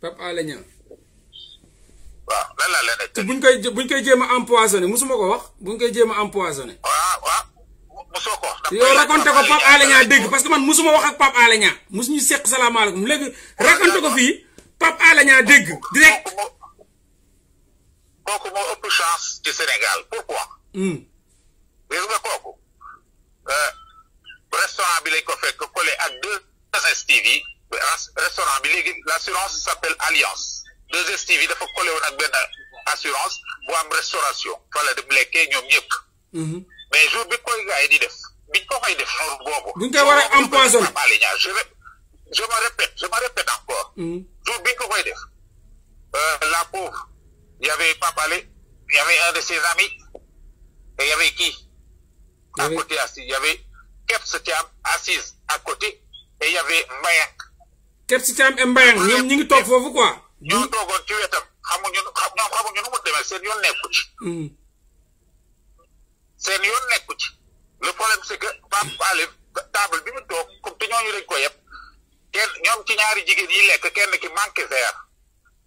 Pape Alé Niang. buñ koy buñ koy musuma ko wax buñ koy jéem a empoisonné. waaw waaw ko wax. yow raconté ko Pape Alé Niang dégg parce que man musuma wax ak Pape Alé Niang musu ñu seq salaamaaleykum léegi ko fii Pape Alé Niang dégg direct. kooku moo ëpp chance ci Sénégal pourquoi. Hmm. Euh, ko fekk collé bi léegi l' assurance s'appelle Alliance dafa collé woon ak benn assurance mhm. mais jour bi koy gars a mhm. euh, la pauvre y avait Pape Alé avait un de ses amis et y avait qui. à côté assis y avait Kebs qui am assise à côté et y avait Mayak. Kebs Thiam et Mbayang ñoom ñu ngi toog foofu quoi. ñoo toogoon ci wetam xamuñu ñoom xamuñu nu mu demee seen yoon nekku ci. Hmm. seen yoon nekku ci le problème c'est que Pape Alé table bi mu toog comme te ñooñu lañ ko yëpp kenn ñoom ci ñaari jigéen yi lekk kenn ki manqué verre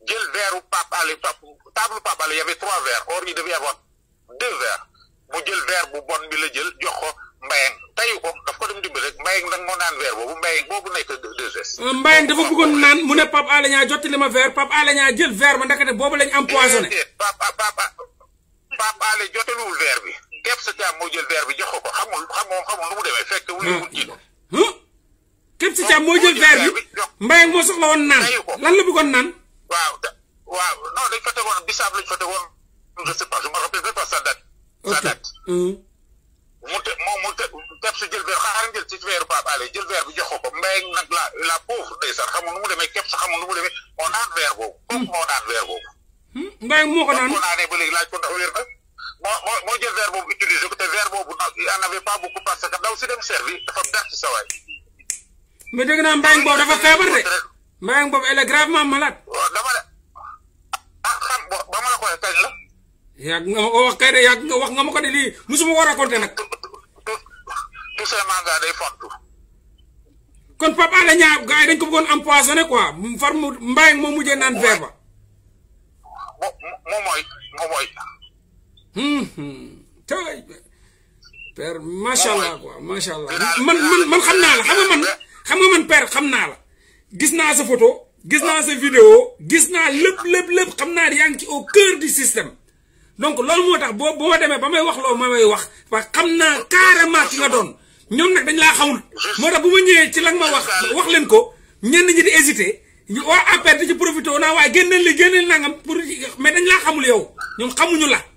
jël verre Pape Alé table Pape Alé y avait trois verres or il devait y mu jël verre bu bon bi la jël jox ko Mbayang tayu ko daf ko dem dimbali rek Mbayang nag moo naan verre boobu Mbayang boobu nekk. Euh, Mbaye dafa bëggoon naan mu ne Pape Alé Niang jottali ma verre Pape Alé Niang jël verre ma ndakate boobu lañ empoisonné. Eh, eh, eh, Pape Pape Alé jottaliwul verre bi. képp sa moo jël verre bi jox ko ko xamul xamul xamul lu mu demee fekk wul ci hmm. hmm? moo jël verre bi Mbaye moo soxla woon naan lan la bëggoon naan. waaw waaw non dañ fa tegoon bisaab lañ fa tegoon je sais pas je me rappelle même pas sa date. sa date. Hmm. mu te moom mu te képp sa jël verre jël ci verre Pape jël verre bi jox ko Mbaye moo ko naan. naa ne ba léegi laaj ko na moo moo moo jël verre boobu utilisé ko te verre boobu il y en avait pas beaucoup parce que ndaw si dem servi dafa perte sa waay. mais dégg naa Mbaye boobu dafa feebar de. Mbaye boobu elle est gravement malade. waaw oh, ah, la ko waxee kañ la. yàgg nga wax nga wax ko de lii musuma ko raconté nag. tout seulement nga day fontu. kon Pape Alé Niang gars yi dañ ko bëggoon empoisonné quoi far mu Mbaye naan verre ba. moom mooy moom mooy. Hmm, hmm. tey père macha allah quoi man man man xam naa la xam nga man xam nga man père xam naa la gis naa sa photo gis naa sa vidéo gis naa lëpp lépp lépp xam naa yaa ngi ci au cœur du système donc loolu moo tax boo boo demee ba may wax loolu ma wax parce que xam naa carrément ki nga doon ñoom nag dañ laa xamul moo tax bu ma ñëwee ci lag nga ma wax wax leen ko ñenn ñi di hésité. waa APR di ci profité naa waaye génneel li génneel nangam pour mais dañ laa xamul yow ñoom xamuñu la.